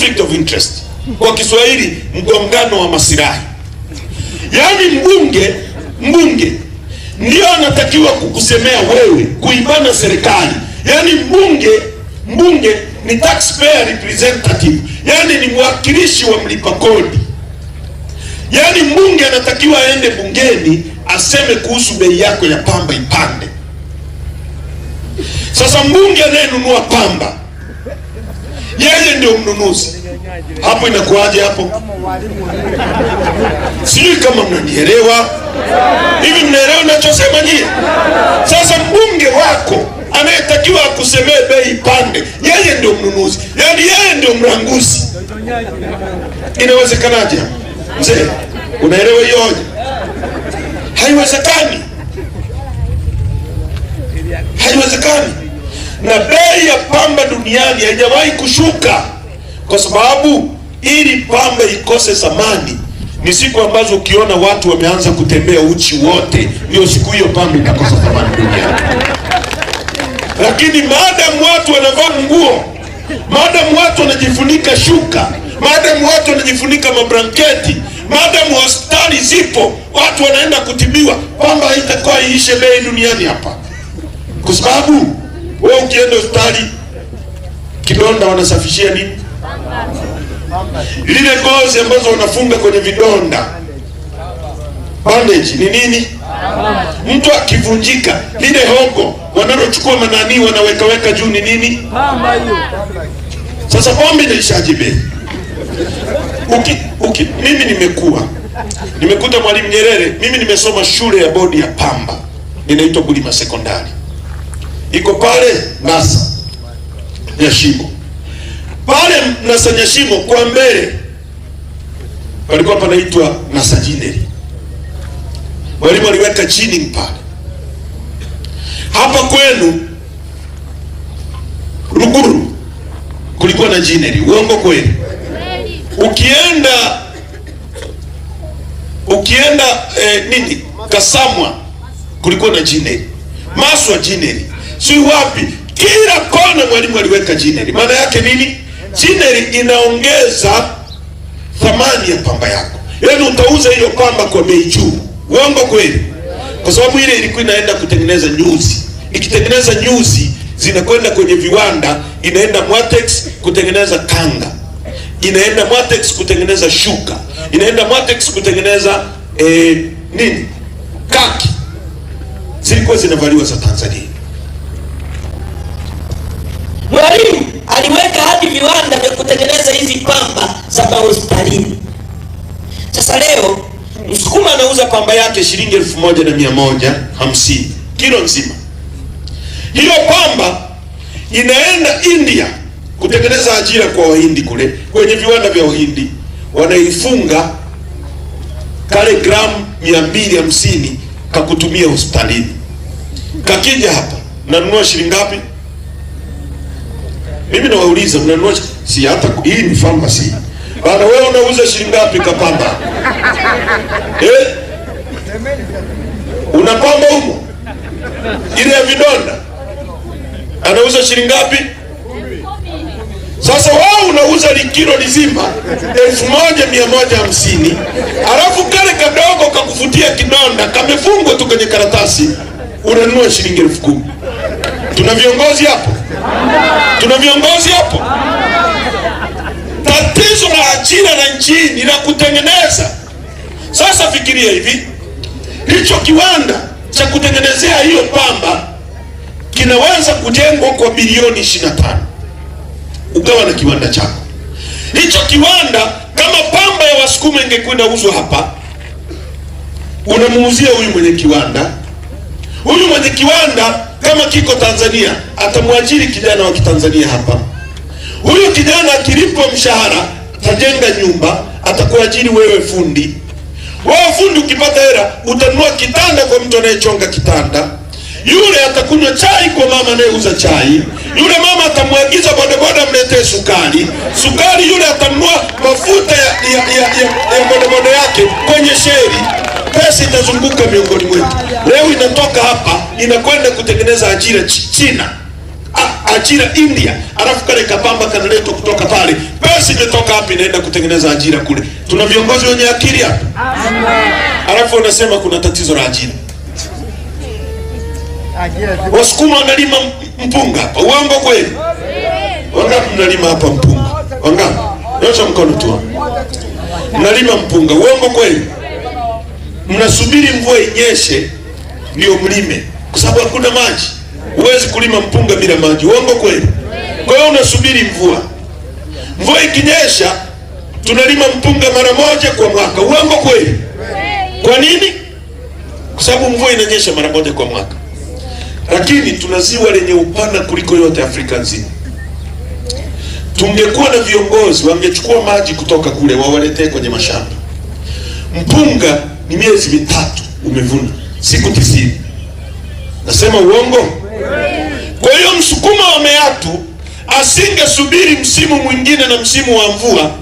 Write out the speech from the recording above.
conflict of interest, kwa Kiswahili mgongano wa masilahi. Yaani mbunge mbunge ndio anatakiwa kukusemea wewe, kuibana serikali. Yaani mbunge mbunge ni taxpayer representative, yaani ni mwakilishi wa mlipa kodi. Yaani mbunge anatakiwa aende bungeni aseme kuhusu bei yako ya pamba ipande. Sasa mbunge anayenunua pamba yeye ndio mnunuzi hapo, inakuaje hapo? Sijui kama mnanielewa. Hivi mnaelewa nachosema nyie? Sasa mbunge wako anayetakiwa akusemee bei ipande, yeye ndio mnunuzi, yaani yeye ndio mranguzi. Inawezekanaje mzee? Unaelewa hiyo hoja? Haiwezekani, haiwezekani na bei ya pamba duniani haijawahi kushuka, kwa sababu ili pamba ikose thamani ni siku ambazo ukiona watu wameanza kutembea uchi wote, ndio siku hiyo pamba itakosa thamani duniani. Lakini maadamu watu wanavaa nguo, maadamu watu wanajifunika shuka, maadamu watu wanajifunika mabranketi maadamu hospitali zipo, watu wanaenda kutibiwa, pamba haitakuwa iishe bei duniani hapa, kwa sababu ukienda hospitali kidonda wanasafishia nini? Lile ngozi ambazo wanafunga kwenye vidonda, bandage ni nini? Mtu akivunjika lile hongo wanalochukua manani wanawekaweka juu ni nini? Sasa pombe nilishaji uki, uki, mimi nimekuwa nimekuta Mwalimu Nyerere. Mimi nimesoma shule ya bodi ya Pamba, inaitwa Bulima Sekondari iko pale Nasa Nyashimo, pale Nasa Nyashimo kwa mbele palikuwa panaitwa Nasa Jineri. Mwalimu aliweka chini pale. Hapa kwenu Ruguru kulikuwa na Jineri, uongo kweli? Ukienda ukienda eh, nini Kasamwa kulikuwa na Jineri, Maswa Jineri si wapi, kila kona mwalimu aliweka jineri. Maana yake nini? Jineri inaongeza thamani ya pamba yako, yaani utauza hiyo pamba kwa bei juu. Uongo kweli? Kwa sababu ile ilikuwa inaenda kutengeneza nyuzi, ikitengeneza nyuzi zinakwenda kwenye viwanda, inaenda Mwatex kutengeneza kanga, inaenda Mwatex kutengeneza shuka, inaenda Mwatex kutengeneza eh, nini, kaki zilikuwa zinavaliwa za Tanzania. Mwalimu aliweka hadi viwanda vya kutengeneza hizi pamba za mahospitalini. Sasa leo msukuma anauza pamba yake shilingi elfu moja na mia moja hamsini kilo nzima. Hiyo pamba inaenda India kutengeneza ajira kwa Wahindi kule kwenye viwanda vya Wahindi, wanaifunga kale gramu mia mbili hamsini kakutumia hospitalini, kakija hapa nanunua shilingi ngapi? Mimi nawauliza mnanunua si hata hii ni pharmacy. Bana wewe unauza shilingi ngapi kapamba? Eh? Unapamba huko? Ile ya vidonda. Anauza shilingi ngapi? Sasa wao unauza likilo lizima elfu moja mia moja hamsini alafu kale kadogo kakufutia kidonda kamefungwa tu kwenye karatasi unanunua shilingi elfu kumi. Tuna viongozi hapo, tuna viongozi hapo. Tatizo la ajira na nchi ni la kutengeneza. Sasa fikiria hivi, hicho kiwanda cha kutengenezea hiyo pamba kinaweza kujengwa kwa bilioni 25, ukawa na kiwanda chako hicho kiwanda. Kama pamba ya wasukuma ingekwenda uzwa hapa, unamuuzia huyu mwenye kiwanda, huyu mwenye kiwanda kama kiko Tanzania atamwajiri kijana wa Kitanzania hapa. Huyo kijana akilipwa mshahara atajenga nyumba, atakuajiri wewe fundi. Wewe fundi ukipata hela utanunua kitanda kwa mtu anayechonga kitanda, yule atakunywa chai kwa mama anayeuza chai, yule mama atamwagiza bodaboda mletee sukari, sukari yule atanunua mafuta ya, ya, ya, ya, ya bodaboda yake kwenye sheri pesa itazunguka miongoni mwetu. Leo inatoka hapa inakwenda kutengeneza ajira China, ajira India, alafu kale kapamba kanaletwa kutoka pale. Pesa imetoka hapa inaenda kutengeneza ajira kule. Tuna viongozi wenye akili hapa, alafu wanasema kuna tatizo la ajira. Wasukuma wanalima mpunga hapa, uongo kweli? Wangapi mnalima hapa mpunga? Wangapi? Nyosha mkono tu. Mnalima mpunga, uongo kweli? mnasubiri mvua inyeshe ndio mlime, kwa sababu hakuna maji. Huwezi kulima mpunga bila maji, uongo kweli? Kwa hiyo unasubiri mvua. Mvua ikinyesha tunalima mpunga mara moja kwa mwaka, uongo kweli? Kwa nini? Kwa sababu mvua inanyesha mara moja kwa mwaka, lakini tuna ziwa lenye upana kuliko yote Afrika nzima. Tungekuwa na viongozi wangechukua maji kutoka kule wawaletee kwenye mashamba mpunga ni miezi mitatu umevuna siku tisini. Nasema uongo? Kwa hiyo msukuma wa Meatu asingesubiri msimu mwingine na msimu wa mvua